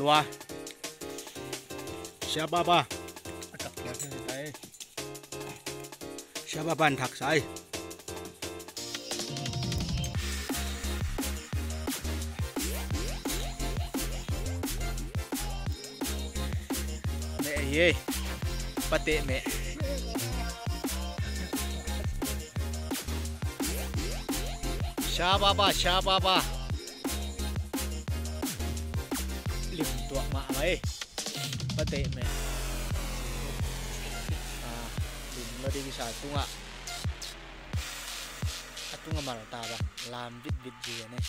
lúa xe ba ba cặp kéo thế này xe ba bàn thạc sai mẹ ye bắt tệ mẹ Shababa, shababa. ริมตัวมาไหมกะเตะแม่ดิมแล้ดีวิชาตุงอ่ะตุ้งกัมาตาบ้างลามวิดวิดเยเนี่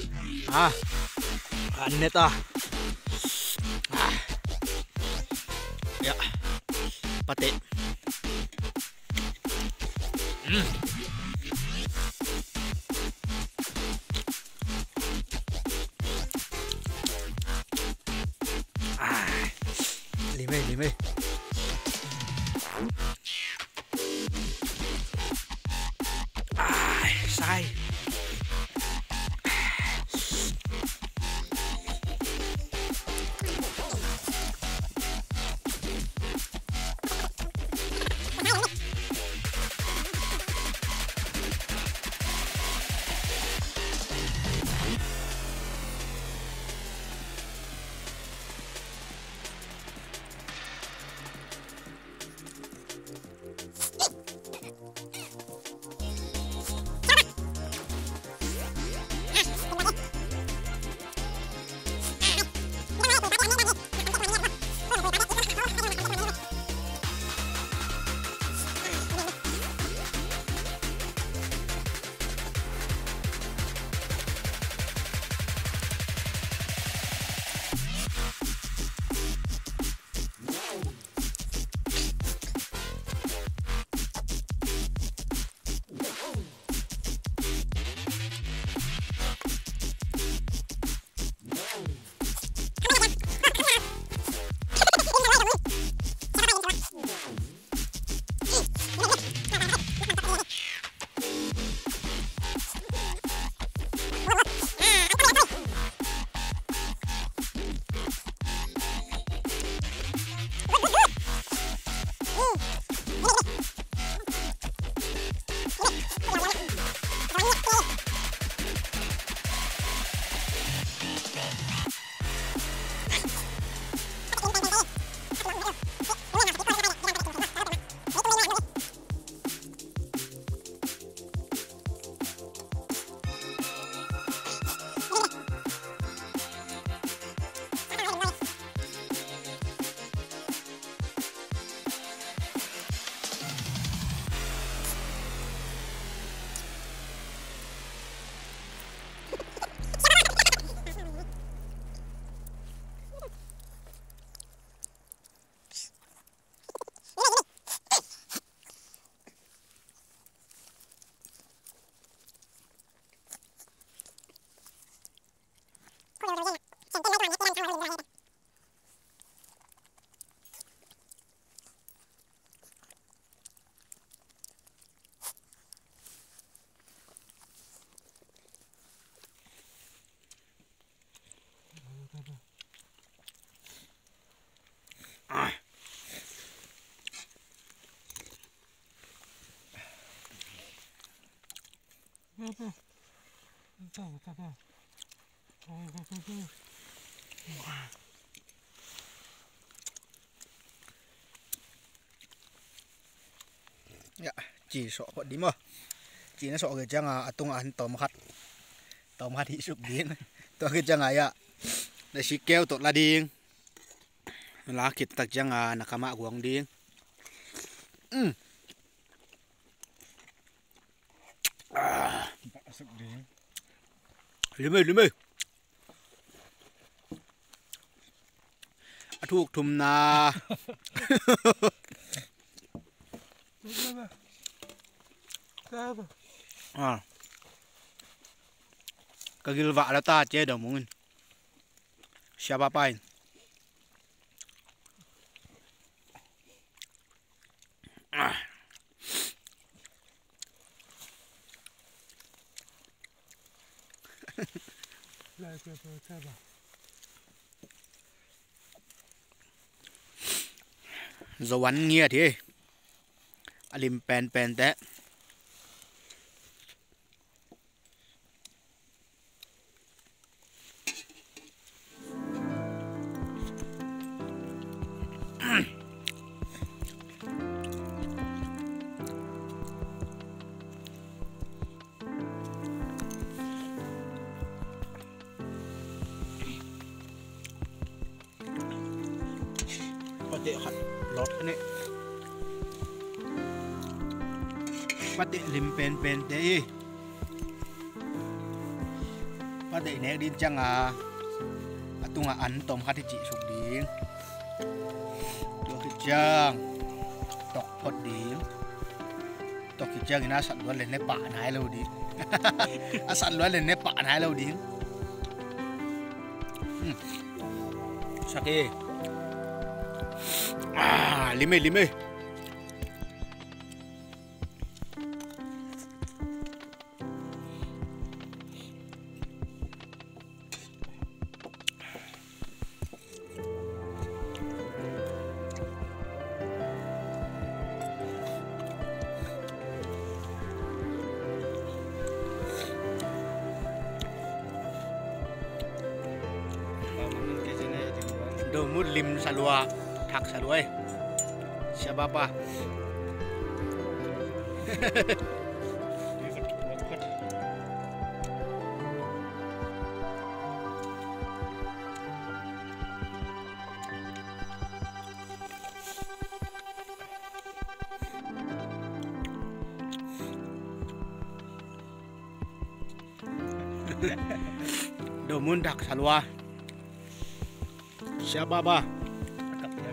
ยนี้ยต่อ張てうんああ眠い眠い dạ chỉ sọ họ đi mà chỉ nó sọ cái trang à, à tung ăn tôm hạt tôm hạt thì sụp biến tôi cái trang này ạ đây chỉ kéo tốt là điên lá kịp tạc chăng à nà cà mạ của ông điên ừ. à. lưu mê lưu mê à, thuộc thùm nà à. cái gil vạ là ta chế đầu muốn Shabapain. Ah. Lại cái bờ tay bà. Dầu nghe thế. Alim pen pen tết. khane pate lim pen pen te i pate ne din changa atunga an tom hati chi suk ding to ki chang tok pot ding tok ki chang ina san wal ne pa nai lo di asan wal ne pa nai lo ding sakit à, lì mê lì mê đầu mút lim sa lua hak saya doai. Siapa apa? Do mundak salua. Siapa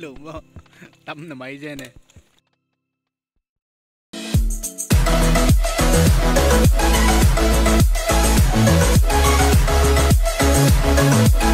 luôn đó tâm là mấy giờ nè Thank you.